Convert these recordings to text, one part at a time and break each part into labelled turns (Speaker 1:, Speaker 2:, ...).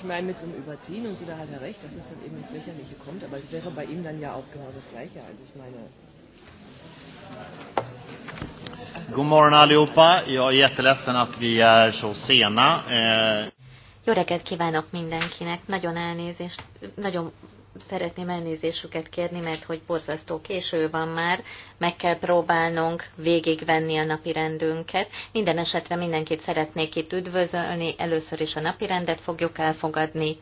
Speaker 1: Ich meine, mit so einem Überziehen und so, da hat er recht, dass es dann eben ins Lächerliche kommt, aber es wäre bei ihm dann ja auch genau das Gleiche. Also ich meine.
Speaker 2: God morgon allihopa. Jag är jätteledsen att vi är så sena. Eh...
Speaker 3: Jó reggelt kívánok mindenkinek. Nagyon elnézést, nagyon szeretném elnézésüket kérni, mert hogy borzasztó késő van már, meg kell próbálnunk végigvenni a napi rendünket. Minden esetre mindenkit szeretnék itt üdvözölni, először is a napi rendet fogjuk elfogadni,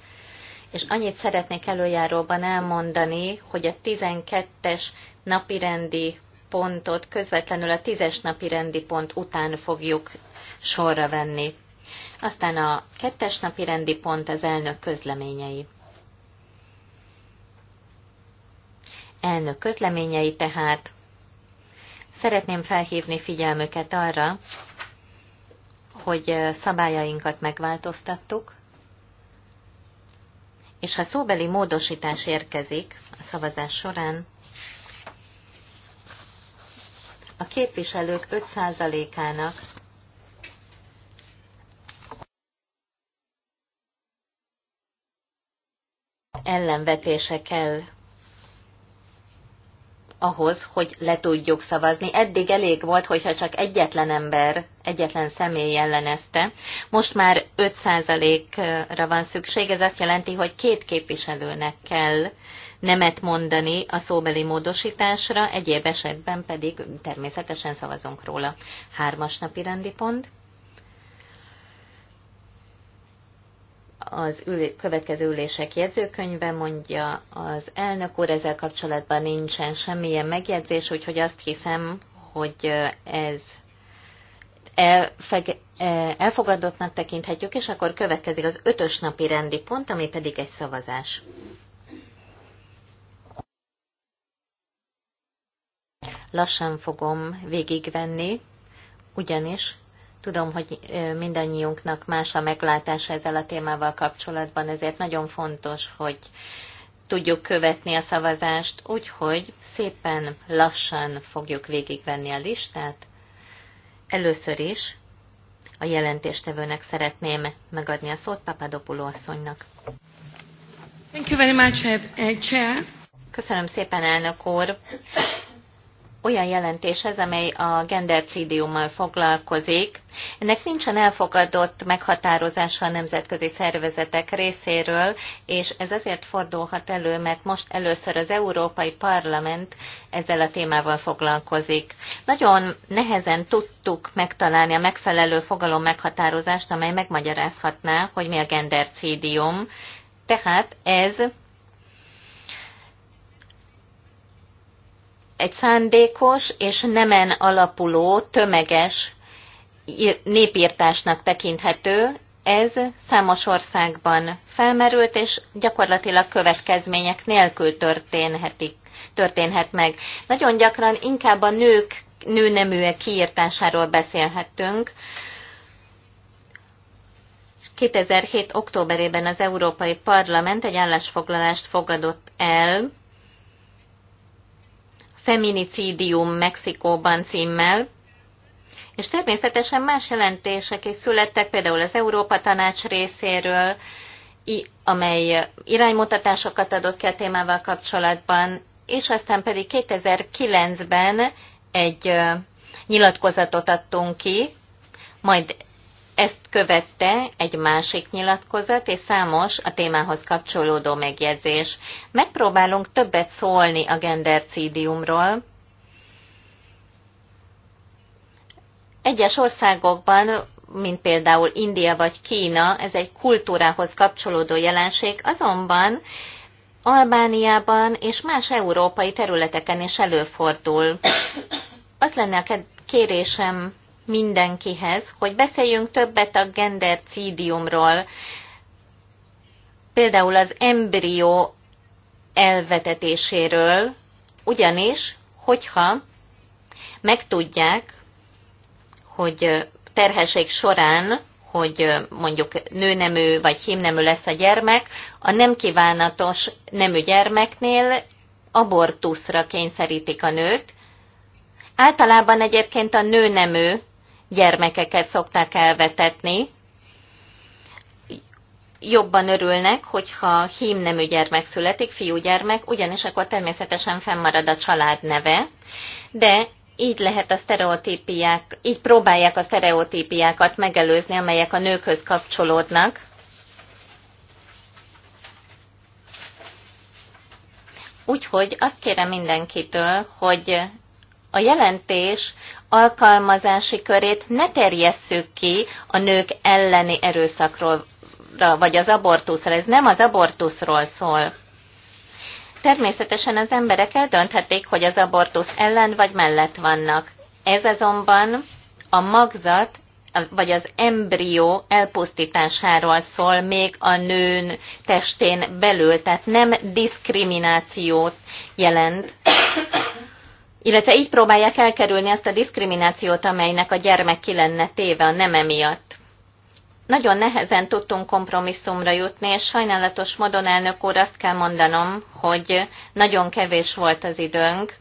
Speaker 3: és annyit szeretnék előjáróban elmondani, hogy a 12-es napirendi pontot közvetlenül a 10-es napirendi pont után fogjuk sorra venni. Aztán a kettes napi rendi pont az elnök közleményei. elnök közleményei tehát. Szeretném felhívni figyelmüket arra, hogy eh, szabályainkat megváltoztattuk, és ha szóbeli módosítás érkezik a szavazás során, a képviselők 5%-ának ellenvetése kell ahhoz, hogy le tudjuk szavazni. Eddig elég volt, hogyha csak egyetlen ember, egyetlen személy ellenezte. Most már 5%-ra van szükség, ez azt jelenti, hogy két képviselőnek kell nemet mondani a szóbeli módosításra, egyéb esetben pedig természetesen szavazunk róla. Hármas napi rendi pont. az ülé, következő ülések jegyzőkönyve, mondja az elnök úr, ezzel kapcsolatban nincsen semmilyen megjegyzés, úgyhogy azt hiszem, hogy ez e, elfogadottnak tekinthetjük, és akkor következik az ötös napi rendi pont, ami pedig egy szavazás. Lassan fogom végigvenni, ugyanis Tudom, hogy mindannyiunknak más a meglátása ezzel a témával kapcsolatban, ezért nagyon fontos, hogy tudjuk követni a szavazást, úgyhogy szépen lassan fogjuk végigvenni a listát. Először is a jelentéstevőnek szeretném megadni a szót Papadopuló asszonynak. Thank you very much, uh, Chair. Köszönöm szépen, elnök úr olyan jelentéshez, amely a gendercidiummal foglalkozik. Ennek nincsen elfogadott meghatározása a nemzetközi szervezetek részéről, és ez azért fordulhat elő, mert most először az Európai Parlament ezzel a témával foglalkozik. Nagyon nehezen tudtuk megtalálni a megfelelő fogalom meghatározást, amely megmagyarázhatná, hogy mi a gendercidium. Tehát ez egy szándékos és nemen alapuló tömeges népírtásnak tekinthető, ez számos országban felmerült, és gyakorlatilag következmények nélkül történhetik, történhet meg. Nagyon gyakran inkább a nők nőneműek kiírtásáról beszélhetünk. 2007. októberében az Európai Parlament egy állásfoglalást fogadott el Feminicidium Mexikóban címmel, és természetesen más jelentések is születtek, például az Európa Tanács részéről, amely iránymutatásokat adott ki a témával kapcsolatban, és aztán pedig 2009-ben egy nyilatkozatot adtunk ki, majd ezt követte egy másik nyilatkozat és számos a témához kapcsolódó megjegyzés. Megpróbálunk többet szólni a gendercídiumról. Egyes országokban mint például India vagy Kína, ez egy kultúrához kapcsolódó jelenség, azonban Albániában és más európai területeken is előfordul. Az lenne a kérésem mindenkihez, hogy beszéljünk többet a gendercídiumról, például az embrió elvetetéséről, ugyanis, hogyha megtudják, hogy terhesség során, hogy mondjuk nőnemű vagy hímnemű lesz a gyermek, a nem kívánatos nemű gyermeknél abortuszra kényszerítik a nőt. Általában egyébként a nőnemű gyermekeket szokták elvetetni, jobban örülnek, hogyha hím nemű gyermek születik, fiúgyermek, ugyanis akkor természetesen fennmarad a család neve, de így lehet a sztereotípiák, így próbálják a sztereotípiákat megelőzni, amelyek a nőkhöz kapcsolódnak. Úgyhogy azt kérem mindenkitől, hogy a jelentés alkalmazási körét ne terjesszük ki a nők elleni erőszakról, vagy az abortuszra. Ez nem az abortuszról szól. Természetesen az emberek eldönthetik, hogy az abortusz ellen vagy mellett vannak. Ez azonban a magzat vagy az embrió elpusztításáról szól még a nőn testén belül, tehát nem diszkriminációt jelent illetve így próbálják elkerülni azt a diszkriminációt, amelynek a gyermek ki lenne téve a neme miatt. Nagyon nehezen tudtunk kompromisszumra jutni, és sajnálatos módon elnök úr azt kell mondanom, hogy nagyon kevés volt az időnk,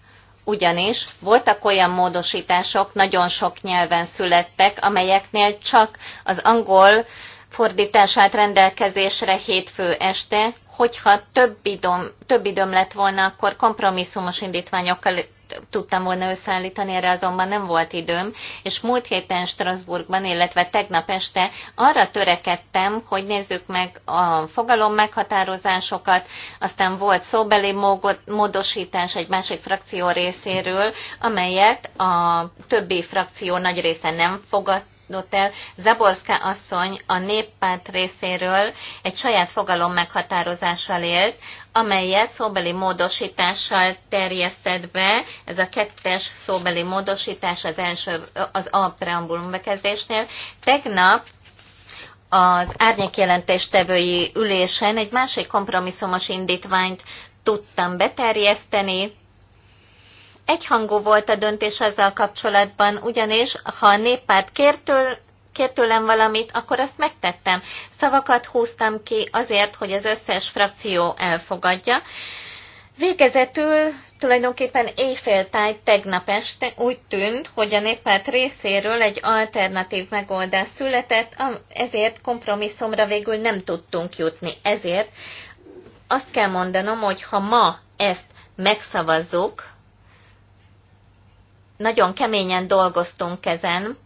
Speaker 3: ugyanis voltak olyan módosítások, nagyon sok nyelven születtek, amelyeknél csak az angol fordítását rendelkezésre hétfő este, hogyha több időm, több időm lett volna, akkor kompromisszumos indítványokkal tudtam volna összeállítani, erre azonban nem volt időm, és múlt héten Strasbourgban, illetve tegnap este arra törekedtem, hogy nézzük meg a fogalom meghatározásokat, aztán volt szóbeli módosítás egy másik frakció részéről, amelyet a többi frakció nagy része nem fogadta, fogadott el Zaborszka asszony a néppárt részéről egy saját fogalom meghatározással élt, amelyet szóbeli módosítással terjesztett be, ez a kettes szóbeli módosítás az első, az A preambulum bekezdésnél. Tegnap az árnyékjelentéstevői ülésen egy másik kompromisszumos indítványt tudtam beterjeszteni, Egyhangú volt a döntés ezzel kapcsolatban, ugyanis ha a néppárt kért, től, kért tőlem valamit, akkor azt megtettem. Szavakat húztam ki azért, hogy az összes frakció elfogadja. Végezetül tulajdonképpen éjféltáj tegnap este úgy tűnt, hogy a néppárt részéről egy alternatív megoldás született, ezért kompromisszumra végül nem tudtunk jutni. Ezért azt kell mondanom, hogy ha ma ezt megszavazzuk, nagyon keményen dolgoztunk ezen,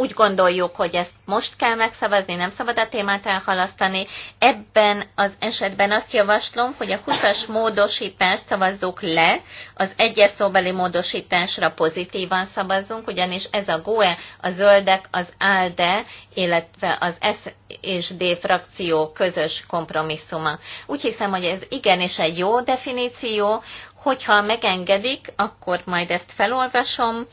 Speaker 3: úgy gondoljuk, hogy ezt most kell megszavazni, nem szabad a témát elhalasztani. Ebben az esetben azt javaslom, hogy a 20-as módosítást szavazzuk le, az egyes szóbeli módosításra pozitívan szavazzunk, ugyanis ez a GOE, a Zöldek, az ALDE, illetve az S és D frakció közös kompromisszuma. Úgy hiszem, hogy ez igenis egy jó definíció, hogyha megengedik, akkor majd ezt felolvasom,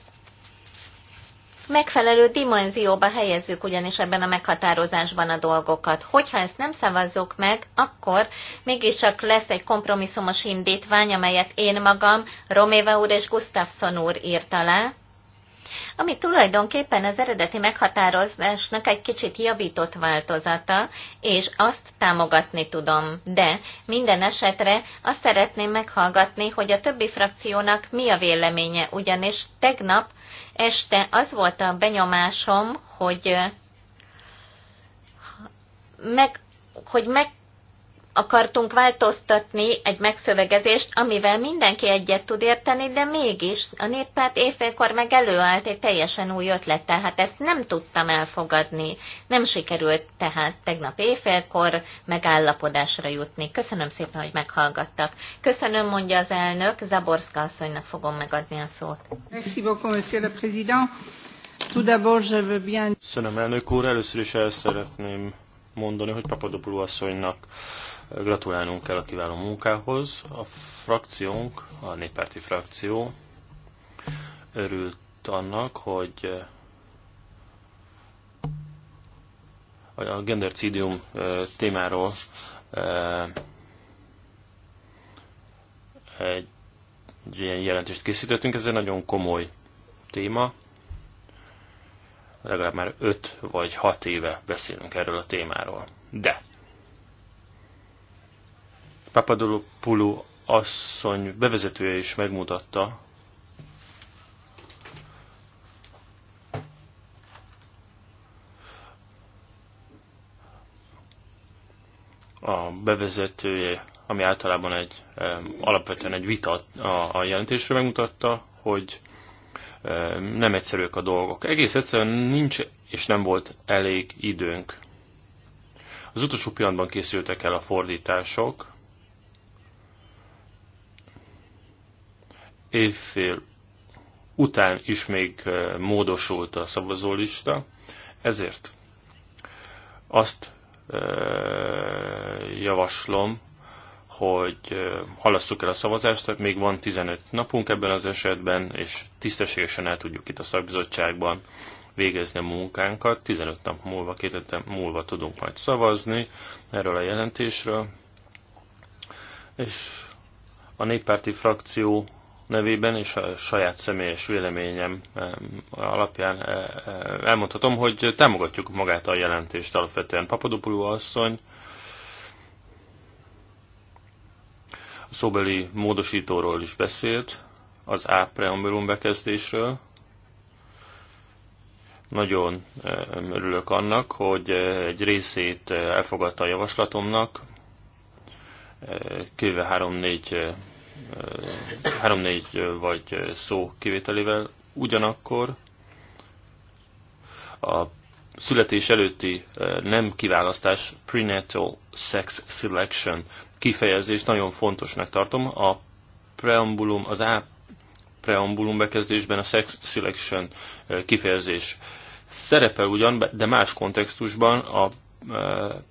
Speaker 3: Megfelelő dimenzióba helyezzük ugyanis ebben a meghatározásban a dolgokat. Hogyha ezt nem szavazzuk meg, akkor mégiscsak lesz egy kompromisszumos indítvány, amelyet én magam, Roméva úr és Gustafsson úr írt alá, ami tulajdonképpen az eredeti meghatározásnak egy kicsit javított változata, és azt támogatni tudom. De minden esetre azt szeretném meghallgatni, hogy a többi frakciónak mi a véleménye, ugyanis tegnap este az volt a benyomásom, hogy meg, hogy meg akartunk változtatni egy megszövegezést, amivel mindenki egyet tud érteni, de mégis a néppárt évfélkor meg előállt egy teljesen új ötlet, tehát ezt nem tudtam elfogadni. Nem sikerült tehát tegnap évfélkor megállapodásra jutni. Köszönöm szépen, hogy meghallgattak. Köszönöm, mondja az elnök, Zaborszka asszonynak fogom megadni a szót. Merci beaucoup, monsieur le président.
Speaker 2: Tout d'abord, je veux bien... Köszönöm, elnök úr, először is el szeretném mondani, hogy Papadopoulou asszonynak Gratulálnunk kell a kiváló munkához. A frakciónk, a néppárti frakció örült annak, hogy a gendercidium témáról egy ilyen jelentést készítettünk. Ez egy nagyon komoly téma. Legalább már 5 vagy 6 éve beszélünk erről a témáról. De Papadopoulou asszony bevezetője is megmutatta, a bevezetője, ami általában egy alapvetően egy vita a, a jelentésre megmutatta, hogy nem egyszerűek a dolgok. Egész egyszerűen nincs és nem volt elég időnk. Az utolsó pillanatban készültek el a fordítások, évfél után is még eh, módosult a szavazólista, ezért azt eh, javaslom, hogy eh, halasszuk el a szavazást, még van 15 napunk ebben az esetben, és tisztességesen el tudjuk itt a szakbizottságban végezni a munkánkat. 15 nap múlva, két hete múlva tudunk majd szavazni erről a jelentésről. És a néppárti frakció nevében és a saját személyes véleményem alapján e, e, elmondhatom, hogy támogatjuk magát a jelentést alapvetően. Papadopoulou asszony a szóbeli módosítóról is beszélt, az ápreambulum bekezdésről. Nagyon e, örülök annak, hogy egy részét elfogadta a javaslatomnak, kb. 3-4 3-4 vagy szó kivételével. Ugyanakkor a születés előtti nem kiválasztás, prenatal sex selection kifejezés nagyon fontosnak tartom. A preambulum, az A preambulum bekezdésben a sex selection kifejezés szerepel ugyan, de más kontextusban a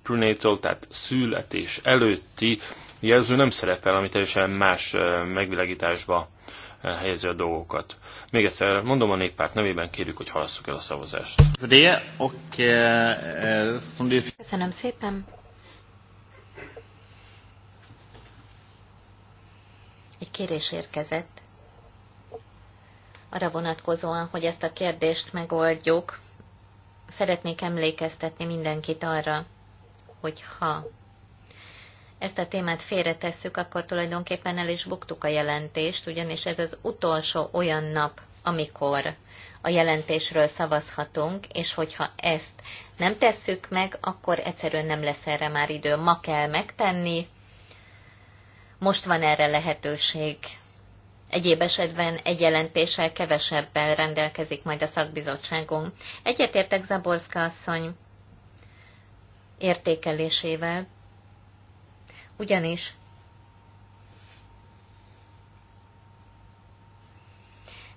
Speaker 2: prenatal, tehát születés előtti jelző nem szerepel, ami teljesen más megvilágításba helyezi a dolgokat. Még egyszer mondom, a néppárt nevében kérjük, hogy halasszuk el a szavazást.
Speaker 3: Eh, eh, Köszönöm szépen. Egy kérés érkezett arra vonatkozóan, hogy ezt a kérdést megoldjuk. Szeretnék emlékeztetni mindenkit arra, hogy ha ezt a témát félretesszük, akkor tulajdonképpen el is buktuk a jelentést, ugyanis ez az utolsó olyan nap, amikor a jelentésről szavazhatunk, és hogyha ezt nem tesszük meg, akkor egyszerűen nem lesz erre már idő. Ma kell megtenni, most van erre lehetőség. Egyéb esetben egy jelentéssel kevesebben rendelkezik majd a szakbizottságunk. Egyetértek Zaborszka asszony értékelésével, ugyanis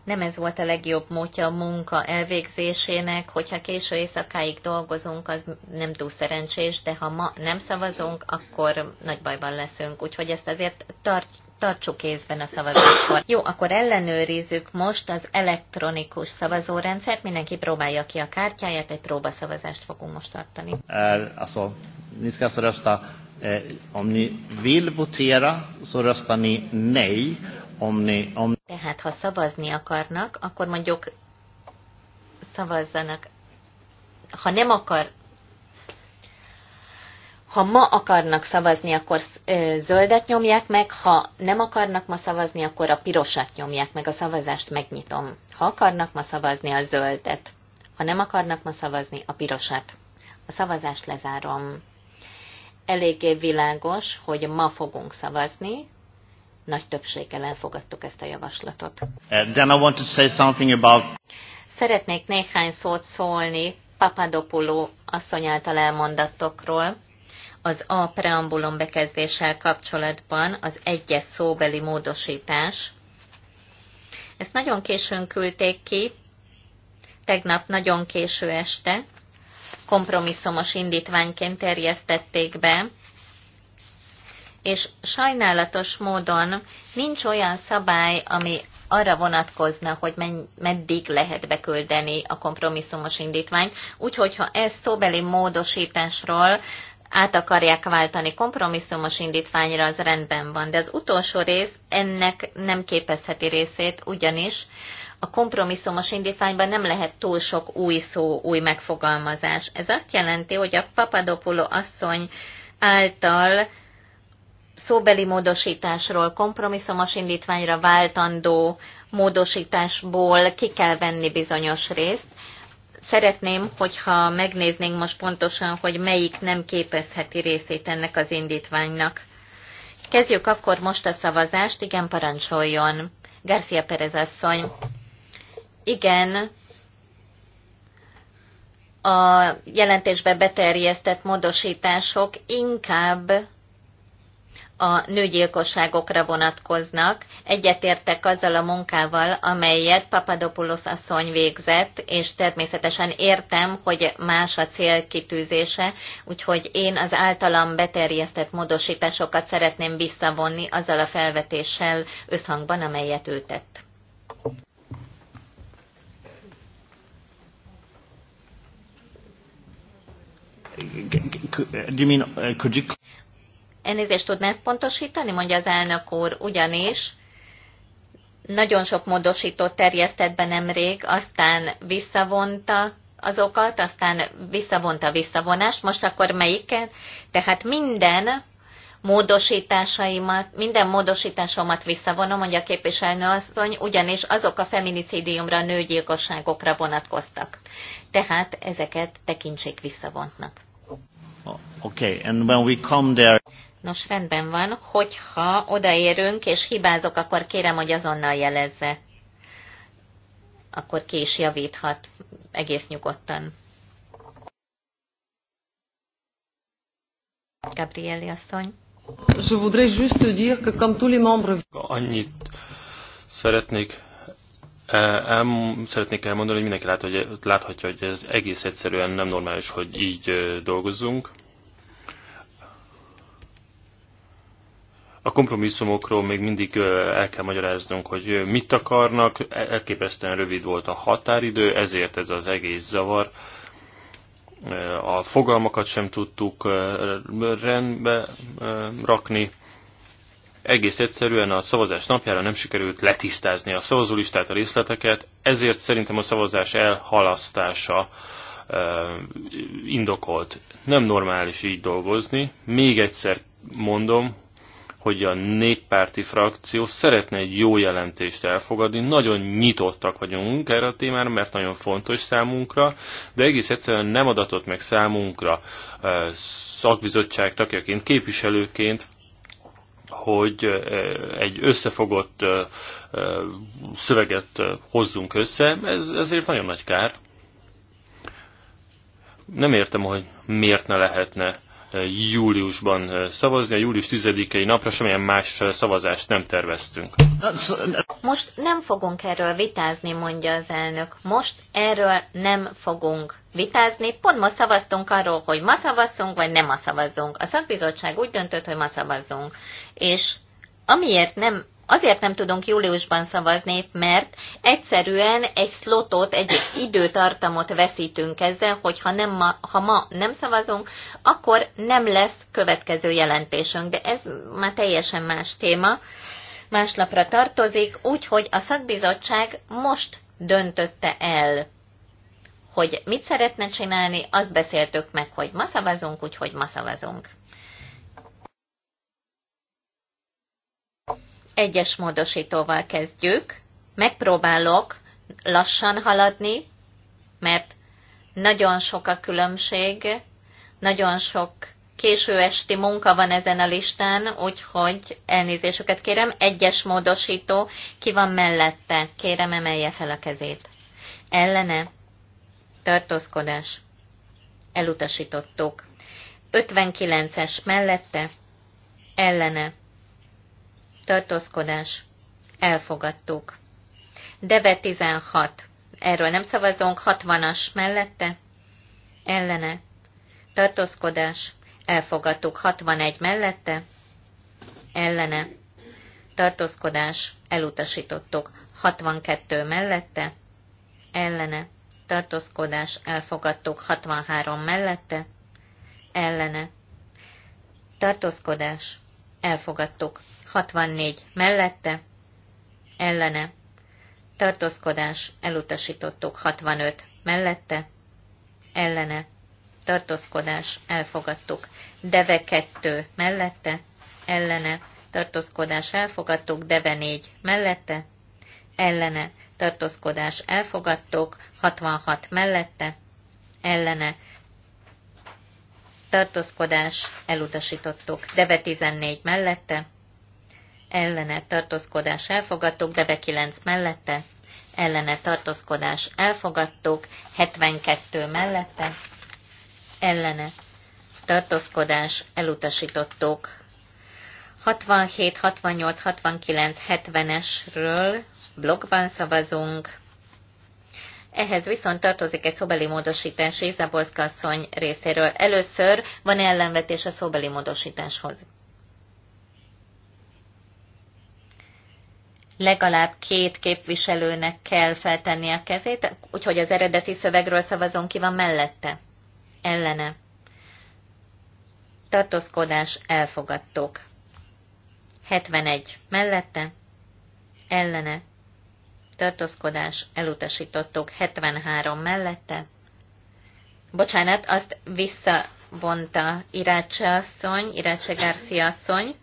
Speaker 3: nem ez volt a legjobb módja a munka elvégzésének, hogyha késő éjszakáig dolgozunk, az nem túl szerencsés, de ha ma nem szavazunk, akkor nagy bajban leszünk. Úgyhogy ezt azért tart, tartsuk kézben a szavazáskor. Jó, akkor ellenőrizzük most az elektronikus szavazórendszert. Mindenki próbálja ki a kártyáját, egy próbaszavazást fogunk most tartani.
Speaker 2: El, alltså, ni ska a Eh, om ni vill votera så röstar ni nej. Om ni, om...
Speaker 3: Tehát ha szavazni akarnak, akkor mondjuk szavazzanak. Ha nem akar, ha ma akarnak szavazni, akkor zöldet nyomják meg, ha nem akarnak ma szavazni, akkor a pirosat nyomják meg, a szavazást megnyitom. Ha akarnak ma szavazni, a zöldet. Ha nem akarnak ma szavazni, a pirosat. A szavazást lezárom eléggé világos, hogy ma fogunk szavazni, nagy többséggel elfogadtuk ezt a javaslatot.
Speaker 2: Uh, then I want to say something about...
Speaker 3: Szeretnék néhány szót szólni Papadopoulou asszony által elmondattokról. Az A preambulum bekezdéssel kapcsolatban az egyes szóbeli módosítás. Ezt nagyon későn küldték ki, tegnap nagyon késő este, kompromisszumos indítványként terjesztették be, és sajnálatos módon nincs olyan szabály, ami arra vonatkozna, hogy meddig lehet beküldeni a kompromisszumos indítványt. Úgyhogy, ha ez szóbeli módosításról át akarják váltani kompromisszumos indítványra, az rendben van. De az utolsó rész ennek nem képezheti részét, ugyanis a kompromisszumos indítványban nem lehet túl sok új szó, új megfogalmazás. Ez azt jelenti, hogy a Papadopulo asszony által szóbeli módosításról, kompromisszumos indítványra váltandó módosításból ki kell venni bizonyos részt. Szeretném, hogyha megnéznénk most pontosan, hogy melyik nem képezheti részét ennek az indítványnak. Kezdjük akkor most a szavazást, igen, parancsoljon. Garcia Perez asszony igen, a jelentésbe beterjesztett módosítások inkább a nőgyilkosságokra vonatkoznak. Egyetértek azzal a munkával, amelyet Papadopoulos asszony végzett, és természetesen értem, hogy más a célkitűzése, úgyhogy én az általam beterjesztett módosításokat szeretném visszavonni azzal a felvetéssel összhangban, amelyet ő tett.
Speaker 2: do you mean,
Speaker 3: uh, could you... Elnézést tudná ezt pontosítani, mondja az elnök úr, ugyanis nagyon sok módosítót terjesztett be nemrég, aztán visszavonta azokat, aztán visszavonta a visszavonást, most akkor melyiket? Tehát minden módosításaimat, minden módosításomat visszavonom, mondja a képviselő asszony, ugyanis azok a feminicidiumra, nőgyilkosságokra vonatkoztak. Tehát ezeket tekintsék visszavontnak.
Speaker 2: Oh, okay, and when we come there...
Speaker 3: Nos, rendben van, hogyha odaérünk és hibázok, akkor kérem, hogy azonnal jelezze. Akkor ki is javíthat egész nyugodtan. Gabrieli asszony. Je voudrais juste dire que comme tous les membres...
Speaker 2: Annyit szeretnék Ám eh, szeretnék elmondani, hogy mindenki lát, hogy, láthatja, hogy ez egész egyszerűen nem normális, hogy így eh, dolgozzunk. A kompromisszumokról még mindig eh, el kell magyaráznunk, hogy mit akarnak. E-, elképesztően rövid volt a határidő, ezért ez az egész zavar. A fogalmakat sem tudtuk rendbe rakni egész egyszerűen a szavazás napjára nem sikerült letisztázni a szavazólistát, a részleteket, ezért szerintem a szavazás elhalasztása indokolt. Nem normális így dolgozni. Még egyszer mondom, hogy a néppárti frakció szeretne egy jó jelentést elfogadni. Nagyon nyitottak vagyunk erre a témára, mert nagyon fontos számunkra, de egész egyszerűen nem adatott meg számunkra szakbizottság tagjaként, képviselőként hogy egy összefogott szöveget hozzunk össze, ez, ezért nagyon nagy kár. Nem értem, hogy miért ne lehetne júliusban szavazni. A július 10-i napra semmilyen más szavazást nem terveztünk.
Speaker 3: Most nem fogunk erről vitázni, mondja az elnök. Most erről nem fogunk vitázni. Pont most szavaztunk arról, hogy ma szavazzunk, vagy nem ma szavazzunk. A szakbizottság úgy döntött, hogy ma szavazzunk. És amiért nem Azért nem tudunk júliusban szavazni, mert egyszerűen egy szlotot, egy időtartamot veszítünk ezzel, hogyha nem ma, ha ma nem szavazunk, akkor nem lesz következő jelentésünk. De ez már teljesen más téma, más lapra tartozik, úgyhogy a szakbizottság most döntötte el hogy mit szeretne csinálni, azt beszéltük meg, hogy ma szavazunk, úgyhogy ma szavazunk. Egyes módosítóval kezdjük. Megpróbálok lassan haladni, mert nagyon sok a különbség, nagyon sok késő esti munka van ezen a listán, úgyhogy elnézésüket kérem. Egyes módosító, ki van mellette? Kérem, emelje fel a kezét. Ellene? Tartózkodás. Elutasítottuk. 59-es mellette? Ellene? tartózkodás, elfogadtuk. Deve 16, erről nem szavazunk, 60-as mellette, ellene, tartózkodás, elfogadtuk 61 mellette, ellene, tartózkodás, elutasítottuk 62 mellette, ellene, tartózkodás, elfogadtuk 63 mellette, ellene, tartózkodás, elfogadtuk 64 mellette, ellene, tartózkodás, elutasítottuk 65 mellette, ellene, tartózkodás, elfogadtuk. Deve 2 mellette, ellene, tartózkodás, elfogadtuk. Deve 4 mellette, ellene, tartózkodás, elfogadtuk. 66 mellette, ellene, tartózkodás, elutasítottuk. Deve 14 mellette, ellene tartózkodás elfogadtuk, Deve 9 mellette, ellene tartózkodás elfogadtuk, 72 mellette, ellene tartózkodás elutasítottuk. 67, 68, 69, 70-esről blogban szavazunk. Ehhez viszont tartozik egy szobeli módosítás Izaborszka asszony részéről. Először van ellenvetés a szobeli módosításhoz. legalább két képviselőnek kell feltenni a kezét, úgyhogy az eredeti szövegről szavazom ki van mellette. Ellene. Tartózkodás elfogadtok. 71. Mellette. Ellene. Tartózkodás elutasítottok. 73. Mellette. Bocsánat, azt visszavonta Irácse asszony, Irácse Garcia asszony.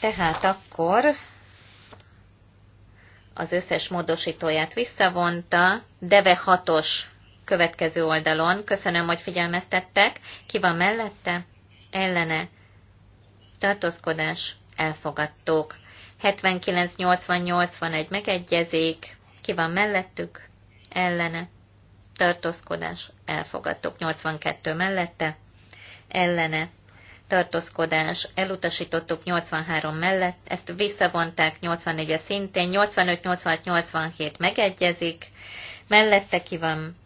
Speaker 3: Tehát akkor az összes módosítóját visszavonta, Deve 6-os következő oldalon. Köszönöm, hogy figyelmeztettek. Ki van mellette? Ellene. Tartózkodás. Elfogadtók. 79-80-81 megegyezik. Ki van mellettük? Ellene. Tartózkodás. Elfogadtók. 82 mellette. Ellene tartózkodás, elutasítottuk 83 mellett, ezt visszavonták 84-e szintén, 85, 86, 87 megegyezik, mellette ki van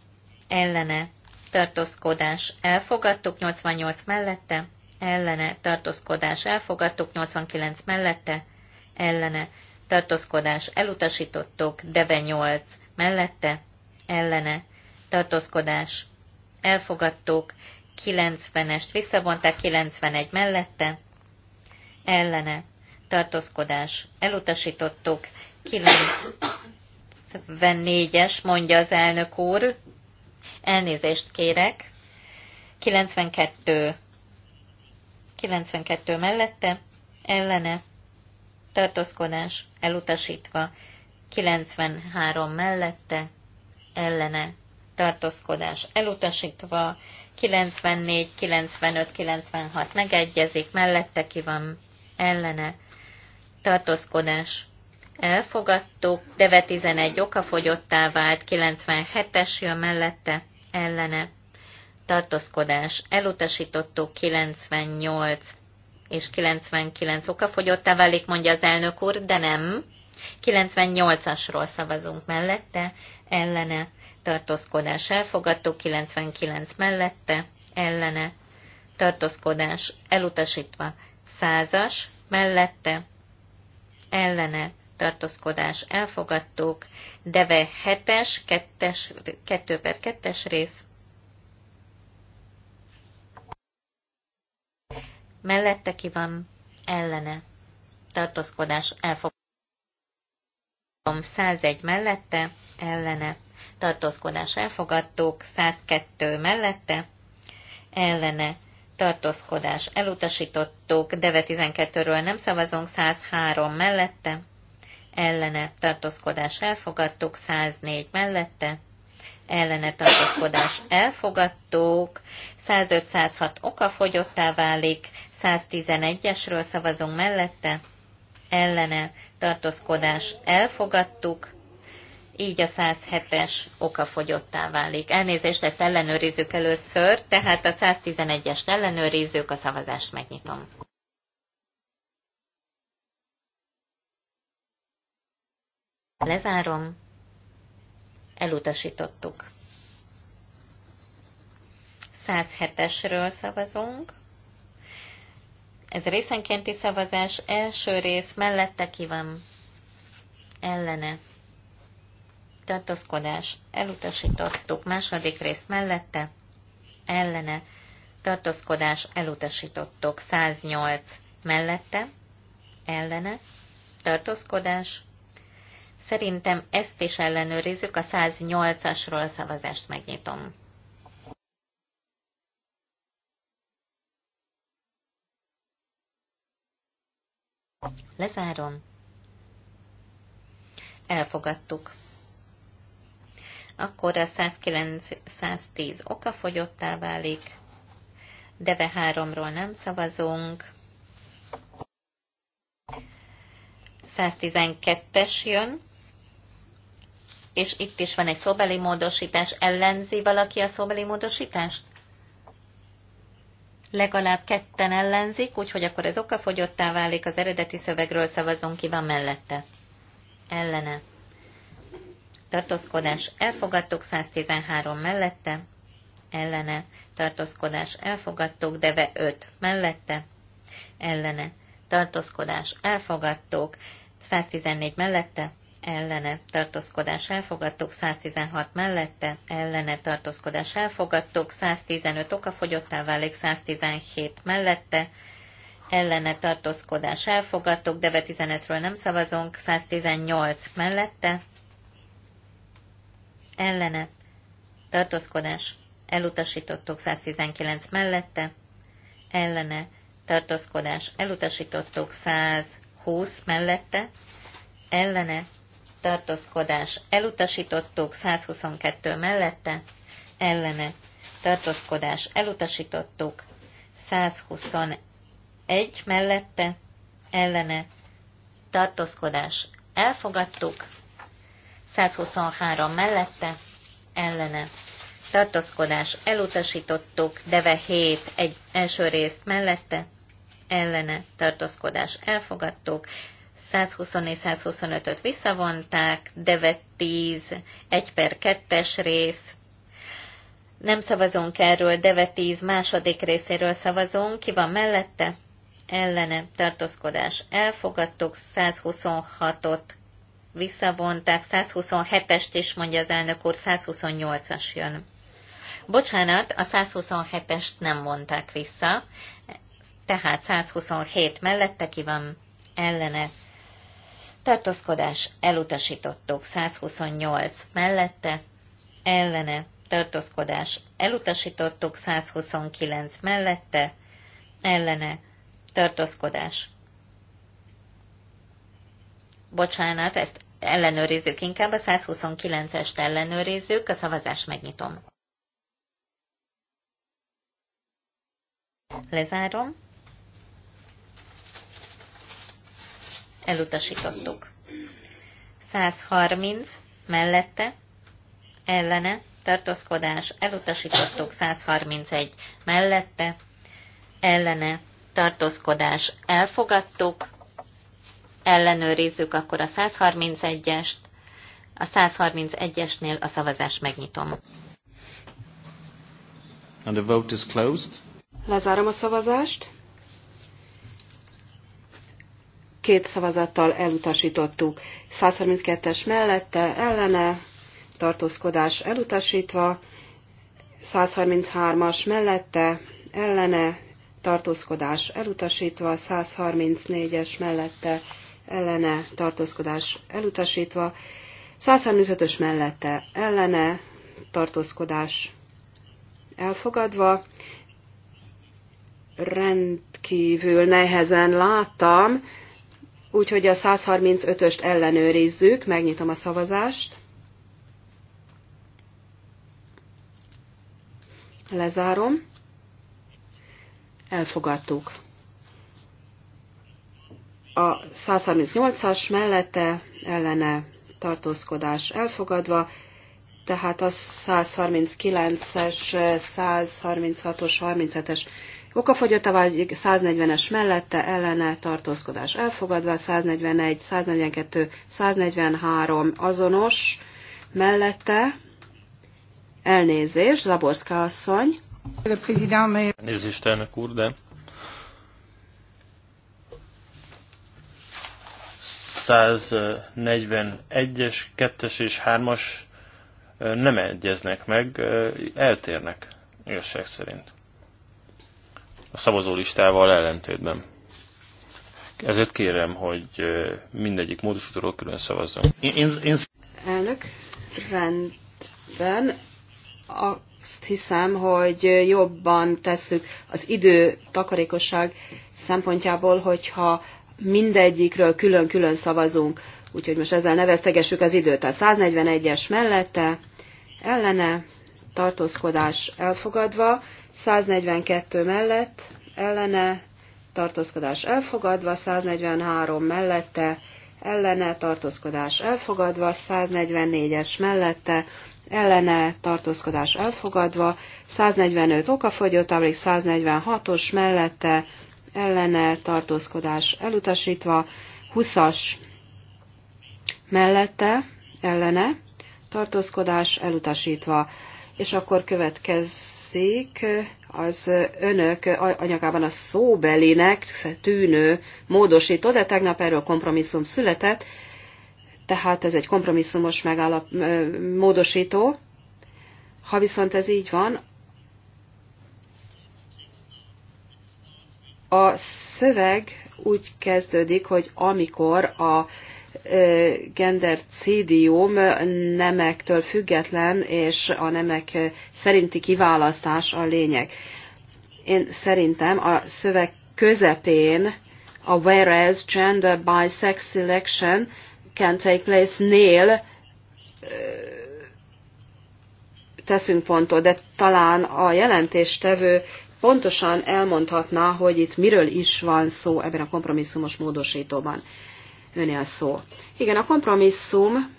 Speaker 3: ellene tartózkodás, elfogadtuk 88 mellette, ellene tartózkodás, elfogadtuk 89 mellette, ellene tartózkodás, elutasítottuk, deve 8 mellette, ellene tartózkodás, elfogadtuk 90-est visszavonták, 91 mellette, ellene, tartózkodás, elutasítottuk, 94-es, mondja az elnök úr, elnézést kérek, 92, 92 mellette, ellene, tartózkodás, elutasítva, 93 mellette, ellene, tartózkodás, elutasítva, 94, 95, 96 megegyezik, mellette ki van ellene tartózkodás. Elfogadtuk, Deve 11 okafogyottá vált, 97-es jön mellette ellene tartózkodás. Elutasítottuk 98 és 99 okafogyottá válik, mondja az elnök úr, de nem. 98-asról szavazunk mellette, ellene tartózkodás elfogadó 99 mellette, ellene, tartózkodás elutasítva, 100-as mellette, ellene, tartózkodás elfogadtók, deve 7-es, 2-es, 2 per 2-es rész, mellette ki van, ellene, tartózkodás elfogadtók. 101 mellette, ellene, tartózkodás elfogadtuk, 102 mellette, ellene tartózkodás elutasítottuk, Deve 12-ről nem szavazunk, 103 mellette, ellene tartózkodás elfogadtuk, 104 mellette, ellene tartózkodás elfogadtuk, 105-106 okafogyottá válik, 111-esről szavazunk mellette, ellene tartózkodás elfogadtuk, így a 107-es okafogyottá válik. Elnézést, ezt ellenőrizzük először, tehát a 111-est ellenőrizzük, a szavazást megnyitom. Lezárom. Elutasítottuk. 107-esről szavazunk. Ez részenkénti szavazás első rész mellette ki van ellene tartózkodás, elutasítottuk. Második rész mellette, ellene, tartózkodás, elutasítottuk. 108 mellette, ellene, tartózkodás. Szerintem ezt is ellenőrizzük, a 108-asról szavazást megnyitom. Lezárom. Elfogadtuk akkor a 109-110 fogyottá válik, Deve 3-ról nem szavazunk, 112-es jön, és itt is van egy szóbeli módosítás. Ellenzi valaki a szóbeli módosítást? Legalább ketten ellenzik, úgyhogy akkor ez okafogyottá válik, az eredeti szövegről szavazunk, ki van mellette. Ellene tartózkodás elfogadtuk, 113 mellette, ellene, tartózkodás elfogadtuk, deve 5 mellette, ellene, tartózkodás elfogadtuk, 114 mellette, ellene tartózkodás elfogadtuk, 116 mellette, ellene tartózkodás elfogadtuk, 115 okafogyottá válik, 117 mellette, ellene tartózkodás elfogadtuk, de 15-ről nem szavazunk, 118 mellette, ellene, tartózkodás, elutasítottuk 119 mellette, ellene, tartózkodás, elutasítottuk 120 mellette, ellene, tartózkodás, elutasítottuk 122 mellette, ellene, tartózkodás, elutasítottuk 121 mellette, ellene, tartózkodás, elfogadtuk 123 mellette, ellene. Tartózkodás elutasítottuk, deve 7 egy első részt mellette, ellene. Tartózkodás elfogadtuk, 124-125-öt visszavonták, deve 10 1 per 2-es rész, nem szavazunk erről, Deve 10 második részéről szavazunk. Ki van mellette? Ellene tartózkodás. Elfogadtuk 126-ot visszavonták, 127-est és mondja az elnök úr, 128-as jön. Bocsánat, a 127-est nem mondták vissza, tehát 127 mellette ki van ellene. Tartózkodás elutasítottuk, 128 mellette, ellene, tartózkodás elutasítottuk, 129 mellette, ellene, tartózkodás. Bocsánat, ezt ellenőrizzük inkább, a 129-est ellenőrizzük, a szavazást megnyitom. Lezárom. Elutasítottuk. 130 mellette, ellene, tartózkodás, elutasítottuk 131 mellette, ellene, tartózkodás, elfogadtuk, ellenőrizzük akkor a 131-est, a 131-esnél a szavazást megnyitom.
Speaker 2: And the vote is closed.
Speaker 3: Lezárom
Speaker 1: a szavazást. Két szavazattal elutasítottuk. 132-es mellette, ellene, tartózkodás elutasítva, 133-as mellette, ellene, tartózkodás elutasítva, 134-es mellette, ellene tartózkodás elutasítva, 135-ös mellette ellene tartózkodás elfogadva. Rendkívül nehezen láttam, úgyhogy a 135-öst ellenőrizzük, megnyitom a szavazást. Lezárom. Elfogadtuk a 138-as mellette ellene tartózkodás elfogadva, tehát a 139-es, 136-os, 37-es okafogyott, vagy 140-es mellette ellene tartózkodás elfogadva, 141, 142, 143 azonos mellette elnézés, Zaborszka asszony.
Speaker 2: Elnézést, elnök úr, de 141-es, 2-es és 3-as nem egyeznek meg, eltérnek igazság szerint. A szavazólistával ellentétben. Ezért kérem, hogy mindegyik módosítóról külön szavazzon.
Speaker 1: Elnök, rendben. Azt hiszem, hogy jobban tesszük az idő takarékosság szempontjából, hogyha mindegyikről külön-külön szavazunk, úgyhogy most ezzel vesztegessük az időt. A 141-es mellette, ellene, tartózkodás elfogadva, 142 mellett, ellene, tartózkodás elfogadva, 143 mellette, ellene, tartózkodás elfogadva, 144-es mellette, ellene, tartózkodás elfogadva, 145 okafogyott, 146-os mellette, ellene tartózkodás elutasítva, 20-as mellette ellene tartózkodás elutasítva. És akkor következik az önök anyagában a szóbelinek tűnő módosító, de tegnap erről kompromisszum született, tehát ez egy kompromisszumos megállap, módosító. Ha viszont ez így van, A szöveg úgy kezdődik, hogy amikor a gendercidium nemektől független, és a nemek szerinti kiválasztás a lényeg. Én szerintem a szöveg közepén a whereas gender by sex selection can take place nél teszünk pontot, de talán a jelentéstevő pontosan elmondhatná, hogy itt miről is van szó ebben a kompromisszumos módosítóban. Önél szó. Igen, a kompromisszum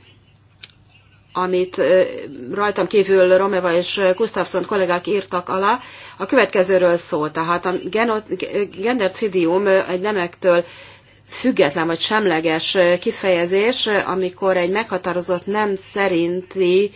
Speaker 1: amit rajtam kívül Romeva és Gustafsson kollégák írtak alá, a következőről szól. Tehát a gendercidium egy nemektől független vagy semleges kifejezés, amikor egy meghatározott nem szerinti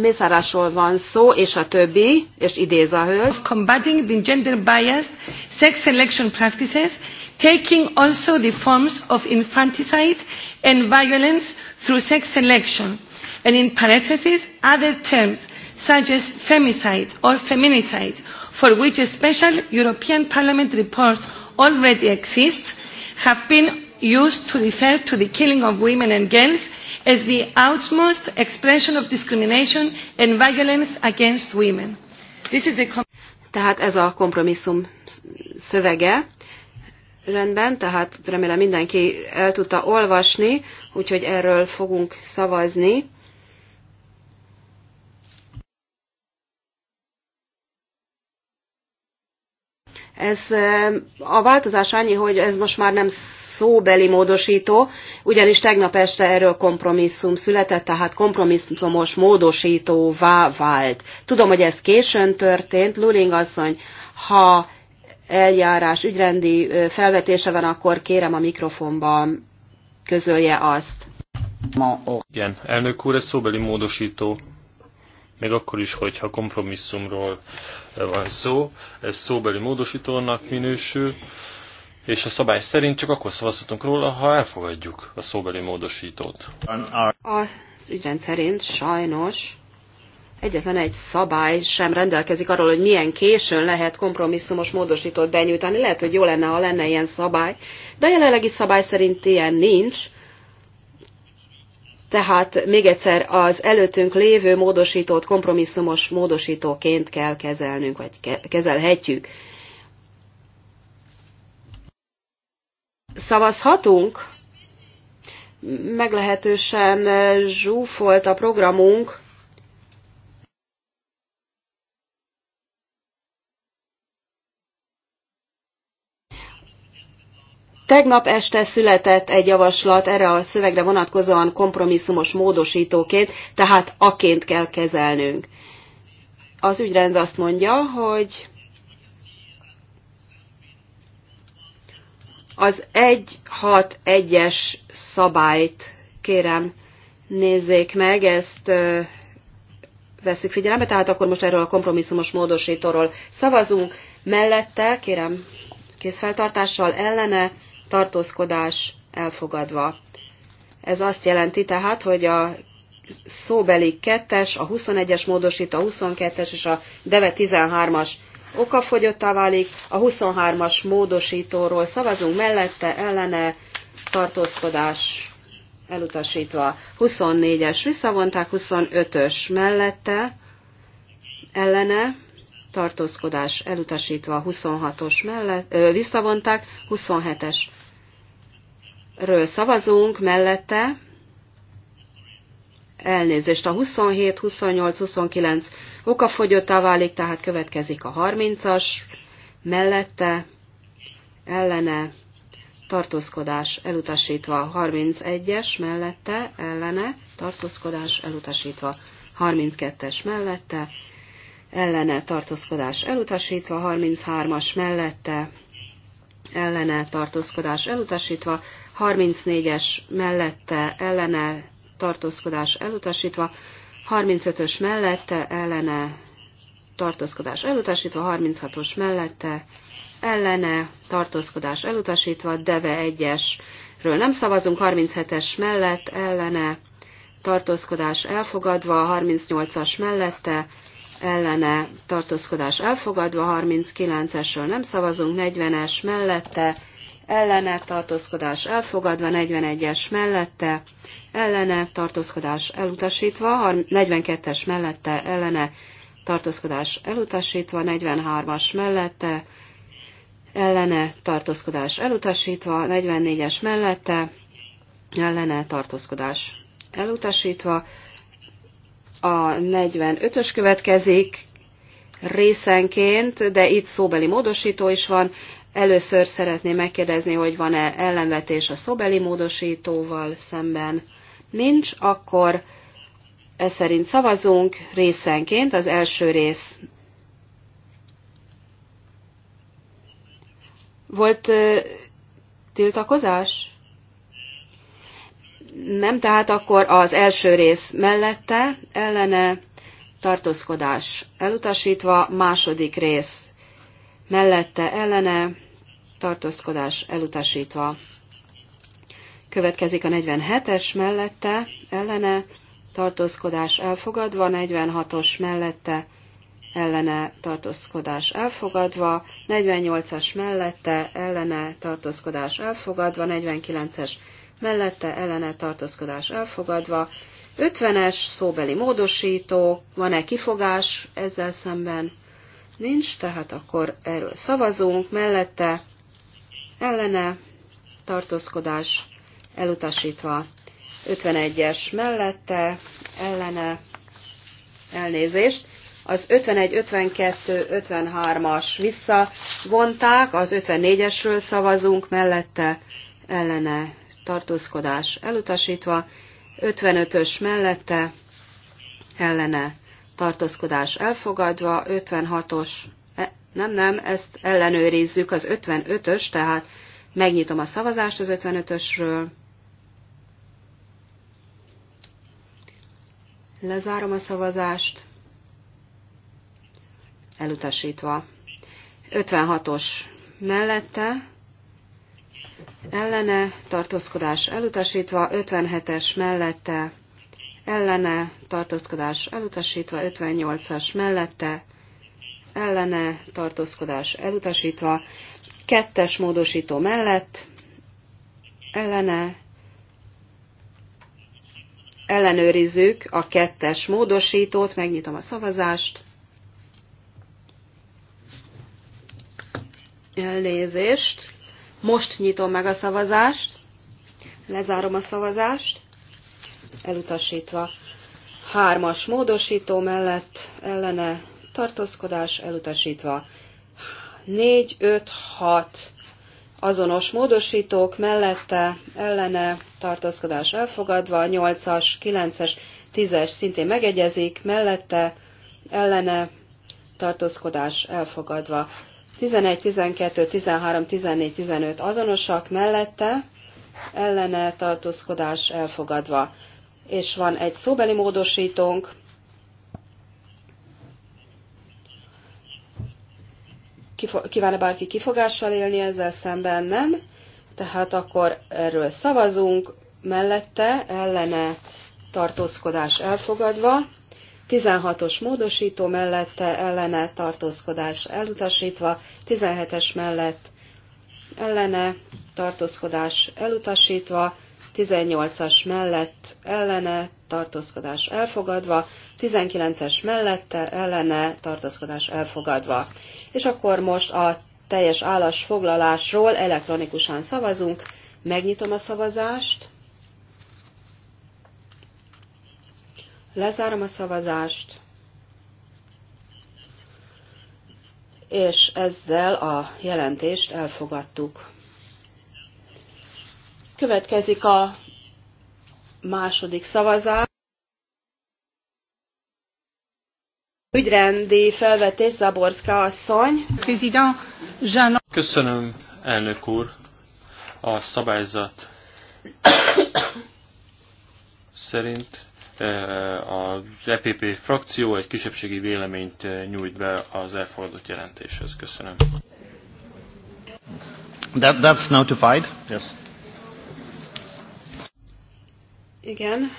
Speaker 1: mészárásról van szó, és a többi, és idéz a hölgy. combating the gender biased sex selection practices, taking also the forms of infanticide and violence through sex selection, and in parentheses other terms such as femicide or feminicide, for which a special European Parliament report already exists, have been used to refer to the killing of women and girls as the outmost expression of discrimination and violence against women. This is the tehát ez a kompromisszum szövege. Rendben, tehát remélem mindenki el tudta olvasni, úgyhogy erről fogunk szavazni. Ez eh, a változás annyi, hogy ez most már nem szóbeli módosító, ugyanis tegnap este erről kompromisszum született, tehát kompromisszumos módosítóvá vált. Tudom, hogy ez későn történt. Luling asszony, ha eljárás, ügyrendi felvetése van, akkor kérem a mikrofonban közölje azt.
Speaker 2: Igen, elnök úr, ez szóbeli módosító. Még akkor is, hogyha kompromisszumról van szó, ez szóbeli módosítónak minősül és a szabály szerint csak akkor szavazhatunk róla, ha elfogadjuk a szóbeli módosítót. Az
Speaker 1: ügyrend szerint sajnos egyetlen egy szabály sem rendelkezik arról, hogy milyen későn lehet kompromisszumos módosítót benyújtani. Lehet, hogy jó lenne, ha lenne ilyen szabály, de a jelenlegi szabály szerint ilyen nincs. Tehát még egyszer az előttünk lévő módosítót kompromisszumos módosítóként kell kezelnünk, vagy kezelhetjük. Szavazhatunk? Meglehetősen eh, zsúfolt a programunk. Tegnap este született egy javaslat erre a szövegre vonatkozóan kompromisszumos módosítóként, tehát aként kell kezelnünk. Az ügyrend azt mondja, hogy Az 161-es szabályt kérem nézzék meg, ezt veszük figyelembe, tehát akkor most erről a kompromisszumos módosítóról szavazunk. Mellette, kérem, készfeltartással ellene, tartózkodás elfogadva. Ez azt jelenti tehát, hogy a szóbeli 2-es, a 21-es módosító, a 22-es és a DEVE 13-as okafogyottá válik, a 23-as módosítóról szavazunk mellette, ellene tartózkodás elutasítva. 24-es visszavonták, 25-ös mellette, ellene tartózkodás elutasítva, 26-os mellett, ö, visszavonták, 27-es ről szavazunk mellette, elnézést, a 27, 28, 29 okafogyottá válik, tehát következik a 30-as, mellette, ellene, tartózkodás elutasítva, 31-es mellette, ellene, tartózkodás elutasítva, 32-es mellette, ellene, tartózkodás elutasítva, 33-as mellette, ellene, tartózkodás elutasítva, 34-es mellette, ellene, tartózkodás elutasítva, 35-ös mellette ellene tartózkodás elutasítva, 36-os mellette ellene tartózkodás elutasítva, deve 1-esről nem szavazunk, 37-es mellett ellene tartózkodás elfogadva, 38-as mellette ellene tartózkodás elfogadva, 39-esről nem szavazunk, 40-es mellette ellene tartózkodás elfogadva, 41-es mellette ellene tartózkodás elutasítva, 42-es mellette ellene tartózkodás elutasítva, 43-as mellette ellene tartózkodás elutasítva, 44-es mellette ellene tartózkodás elutasítva, a 45-ös következik részenként, de itt szóbeli módosító is van, Először szeretném megkérdezni, hogy van-e ellenvetés a szobeli módosítóval szemben. Nincs, akkor ez szerint szavazunk részenként. Az első rész volt tiltakozás? Nem, tehát akkor az első rész mellette ellene tartózkodás elutasítva, második rész mellette ellene tartózkodás elutasítva. Következik a 47-es mellette ellene tartózkodás elfogadva, 46-os mellette ellene tartózkodás elfogadva, 48-as mellette ellene tartózkodás elfogadva, 49-es mellette ellene tartózkodás elfogadva, 50-es szóbeli módosító, van-e kifogás ezzel szemben? Nincs, tehát akkor erről szavazunk, mellette, ellene, tartózkodás elutasítva. 51-es mellette, ellene, elnézést. Az 51, 52, 53-as visszavonták, az 54-esről szavazunk, mellette, ellene, tartózkodás elutasítva. 55-ös mellette, ellene, tartózkodás elfogadva, 56-os, e, nem, nem, ezt ellenőrizzük az 55-ös, tehát megnyitom a szavazást az 55-ösről, lezárom a szavazást, elutasítva. 56-os mellette, ellene tartózkodás elutasítva, 57-es mellette, ellene tartózkodás elutasítva, 58-as mellette ellene tartózkodás elutasítva, kettes módosító mellett ellene ellenőrizzük a kettes módosítót, megnyitom a szavazást. Elnézést. Most nyitom meg a szavazást. Lezárom a szavazást elutasítva. Hármas módosító mellett ellene tartózkodás elutasítva. 4, 5, 6 azonos módosítók mellette ellene tartózkodás elfogadva, 8-as, 9-es, 10-es szintén megegyezik, mellette ellene tartózkodás elfogadva. 11, 12, 13, 14, 15 azonosak mellette ellene tartózkodás elfogadva és van egy szóbeli módosítónk. Kíván-e bárki kifogással élni ezzel szemben? Nem. Tehát akkor erről szavazunk, mellette ellene tartózkodás elfogadva, 16-os módosító mellette ellene tartózkodás elutasítva, 17-es mellett ellene tartózkodás elutasítva, 18-as mellett ellene tartózkodás elfogadva, 19-es mellette ellene tartózkodás elfogadva. És akkor most a teljes állásfoglalásról elektronikusan szavazunk. Megnyitom a szavazást. Lezárom a szavazást. És ezzel a jelentést elfogadtuk. Következik a második szavazás. Ügyrendi felvetés Zaborszka asszony.
Speaker 2: Köszönöm, elnök úr. A szabályzat szerint eh, az EPP frakció egy kisebbségi véleményt eh, nyújt be az elfogadott jelentéshez. Köszönöm. That, that's notified. Yes.
Speaker 1: Igen.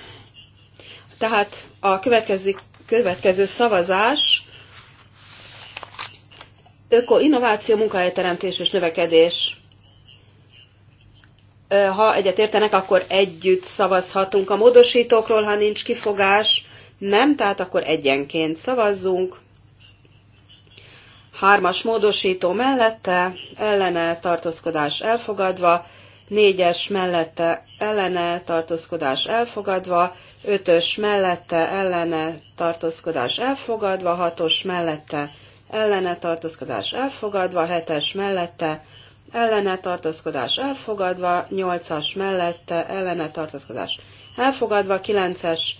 Speaker 1: Tehát a következő, következő szavazás öko, innováció, munkahelyteremtés és növekedés. Ha egyet értenek, akkor együtt szavazhatunk a módosítókról, ha nincs kifogás. Nem, tehát akkor egyenként szavazzunk. Hármas módosító mellette, ellene tartózkodás elfogadva, négyes mellette ellene tartózkodás elfogadva, ötös mellette ellene tartózkodás elfogadva, hatos mellette ellene tartózkodás elfogadva, hetes mellette ellene tartózkodás elfogadva, nyolcas mellette ellene tartózkodás elfogadva, kilences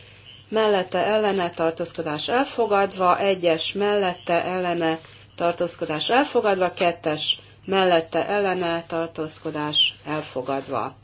Speaker 1: mellette ellene tartózkodás elfogadva, egyes mellette ellene tartózkodás elfogadva, kettes mellette ellene tartózkodás elfogadva.